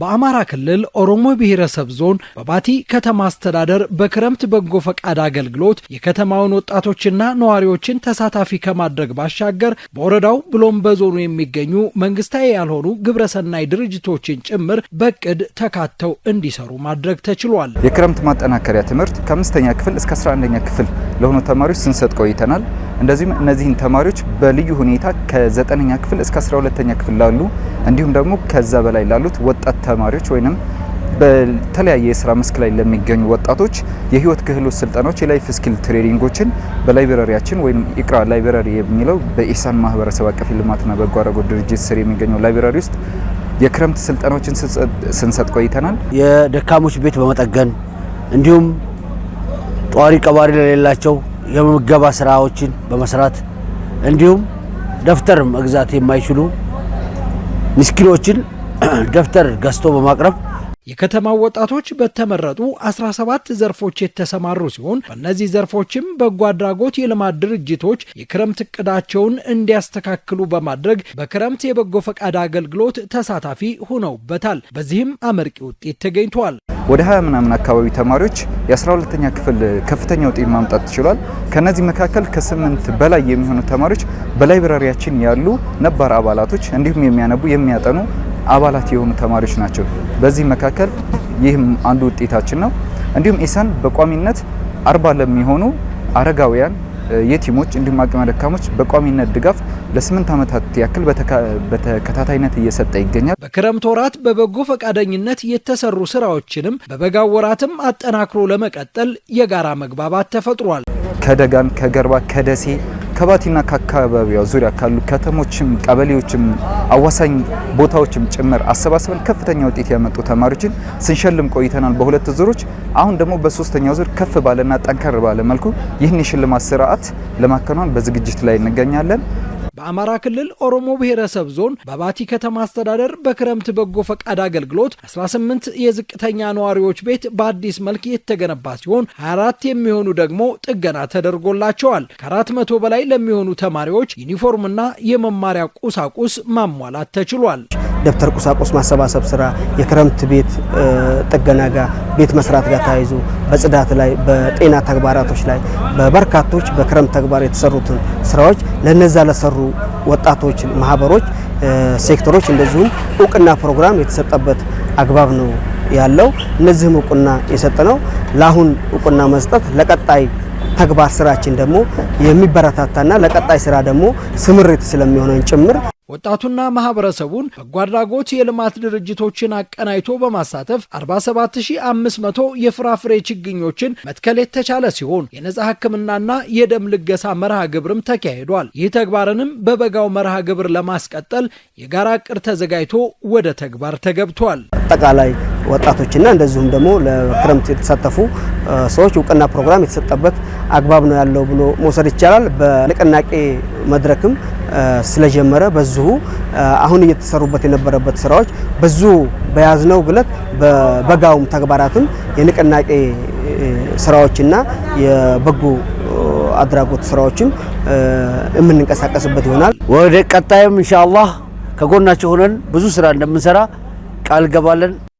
በአማራ ክልል ኦሮሞ ብሔረሰብ ዞን በባቲ ከተማ አስተዳደር በክረምት በጎ ፈቃድ አገልግሎት የከተማውን ወጣቶችና ነዋሪዎችን ተሳታፊ ከማድረግ ባሻገር በወረዳው ብሎም በዞኑ የሚገኙ መንግስታዊ ያልሆኑ ግብረሰናይ ድርጅቶችን ጭምር በእቅድ ተካተው እንዲሰሩ ማድረግ ተችሏል። የክረምት ማጠናከሪያ ትምህርት ከአምስተኛ ክፍል እስከ 11 ኛ ክፍል ለሆኑ ተማሪዎች ስንሰጥ ቆይተናል። እንደዚሁም እነዚህን ተማሪዎች በልዩ ሁኔታ ከዘጠነኛ ክፍል እስከ አስራ ሁለተኛ ክፍል ላሉ እንዲሁም ደግሞ ከዛ በላይ ላሉት ወጣት ተማሪዎች ወይንም በተለያየ የስራ መስክ ላይ ለሚገኙ ወጣቶች የህይወት ክህሎት ስልጠናዎች፣ የላይፍ ስኪል ትሬኒንጎችን በላይብረሪያችን ወይም ኢቅራ ላይብረሪ የሚለው በኢሳን ማህበረሰብ አቀፍ ልማትና በጎ አድራጎት ድርጅት ስር የሚገኘው ላይብረሪ ውስጥ የክረምት ስልጠናዎችን ስንሰጥ ቆይተናል። የደካሞች ቤት በመጠገን እንዲሁም ጧሪ ቀባሪ ለሌላቸው የምገባ ስራዎችን በመስራት እንዲሁም ደብተር መግዛት የማይችሉ ምስኪኖችን ደብተር ገዝቶ በማቅረብ የከተማው ወጣቶች በተመረጡ 17 ዘርፎች የተሰማሩ ሲሆን በእነዚህ ዘርፎችም በጎ አድራጎት የልማት ድርጅቶች የክረምት እቅዳቸውን እንዲያስተካክሉ በማድረግ በክረምት የበጎ ፈቃድ አገልግሎት ተሳታፊ ሆነውበታል። በዚህም አመርቂ ውጤት ተገኝቷል። ወደ 20 ምናምን አካባቢ ተማሪዎች የ12ተኛ ክፍል ከፍተኛ ውጤት ማምጣት ችሏል። ከነዚህ መካከል ከ ከ8 በላይ የሚሆኑ ተማሪዎች በላይብራሪያችን ያሉ ነባር አባላቶች እንዲሁም የሚያነቡ የሚያጠኑ አባላት የሆኑ ተማሪዎች ናቸው። በዚህ መካከል ይህም አንዱ ውጤታችን ነው። እንዲሁም ኢሳን በቋሚነት አርባ ለሚሆኑ አረጋውያን የቲሞች እንዲሁም አቅመ ደካሞች በቋሚነት ድጋፍ ለስምንት ዓመታት ያክል በተከታታይነት እየሰጠ ይገኛል። በክረምት ወራት በበጎ ፈቃደኝነት የተሰሩ ስራዎችንም በበጋ ወራትም አጠናክሮ ለመቀጠል የጋራ መግባባት ተፈጥሯል። ከደጋን፣ ከገርባ፣ ከደሴ ከባቲና ከአካባቢዋ ዙሪያ ካሉ ከተሞችም ቀበሌዎችም አዋሳኝ ቦታዎችም ጭምር አሰባስበን ከፍተኛ ውጤት ያመጡ ተማሪዎችን ስንሸልም ቆይተናል በሁለት ዙሮች። አሁን ደግሞ በሶስተኛው ዙር ከፍ ባለና ጠንከር ባለ መልኩ ይህን የሽልማት ስርዓት ለማከናወን በዝግጅት ላይ እንገኛለን። በአማራ ክልል ኦሮሞ ብሔረሰብ ዞን በባቲ ከተማ አስተዳደር በክረምት በጎ ፈቃድ አገልግሎት 18 የዝቅተኛ ነዋሪዎች ቤት በአዲስ መልክ የተገነባ ሲሆን 24 የሚሆኑ ደግሞ ጥገና ተደርጎላቸዋል። ከአራት መቶ በላይ ለሚሆኑ ተማሪዎች ዩኒፎርምና የመማሪያ ቁሳቁስ ማሟላት ተችሏል። ደብተር ቁሳቁስ ማሰባሰብ ስራ፣ የክረምት ቤት ጥገና ጋር ቤት መስራት ጋር ተያይዞ በጽዳት ላይ፣ በጤና ተግባራቶች ላይ በበርካቶች በክረምት ተግባር የተሰሩትን ስራዎች ለነዛ ለሰሩ ወጣቶች፣ ማህበሮች፣ ሴክተሮች እንደዚሁም እውቅና ፕሮግራም የተሰጠበት አግባብ ነው ያለው። እነዚህም እውቅና የሰጠ ነው። ለአሁን እውቅና መስጠት ለቀጣይ ተግባር ስራችን ደግሞ የሚበረታታና ለቀጣይ ስራ ደግሞ ስምሪት ስለሚሆነን ጭምር ወጣቱና ማህበረሰቡን በጎ አድራጎት የልማት ድርጅቶችን አቀናጅቶ በማሳተፍ 47500 የፍራፍሬ ችግኞችን መትከል የተቻለ ሲሆን የነፃ ሕክምናና የደም ልገሳ መርሃ ግብርም ተካሂዷል። ይህ ተግባርንም በበጋው መርሃ ግብር ለማስቀጠል የጋራ እቅድ ተዘጋጅቶ ወደ ተግባር ተገብቷል። አጠቃላይ ወጣቶችና እንደዚሁም ደግሞ ለክረምት የተሳተፉ ሰዎች እውቅና ፕሮግራም የተሰጠበት አግባብ ነው ያለው ብሎ መውሰድ ይቻላል። በንቅናቄ መድረክም ስለጀመረ በዚሁ አሁን እየተሰሩበት የነበረበት ስራዎች በዚሁ በያዝነው ግለት በበጋውም ተግባራትም የንቅናቄ ስራዎችና የበጎ አድራጎት ስራዎችም የምንንቀሳቀስበት ይሆናል። ወደ ቀጣይም ኢንሻአላህ ከጎናቸው ሆነን ብዙ ስራ እንደምንሰራ ቃል ገባለን።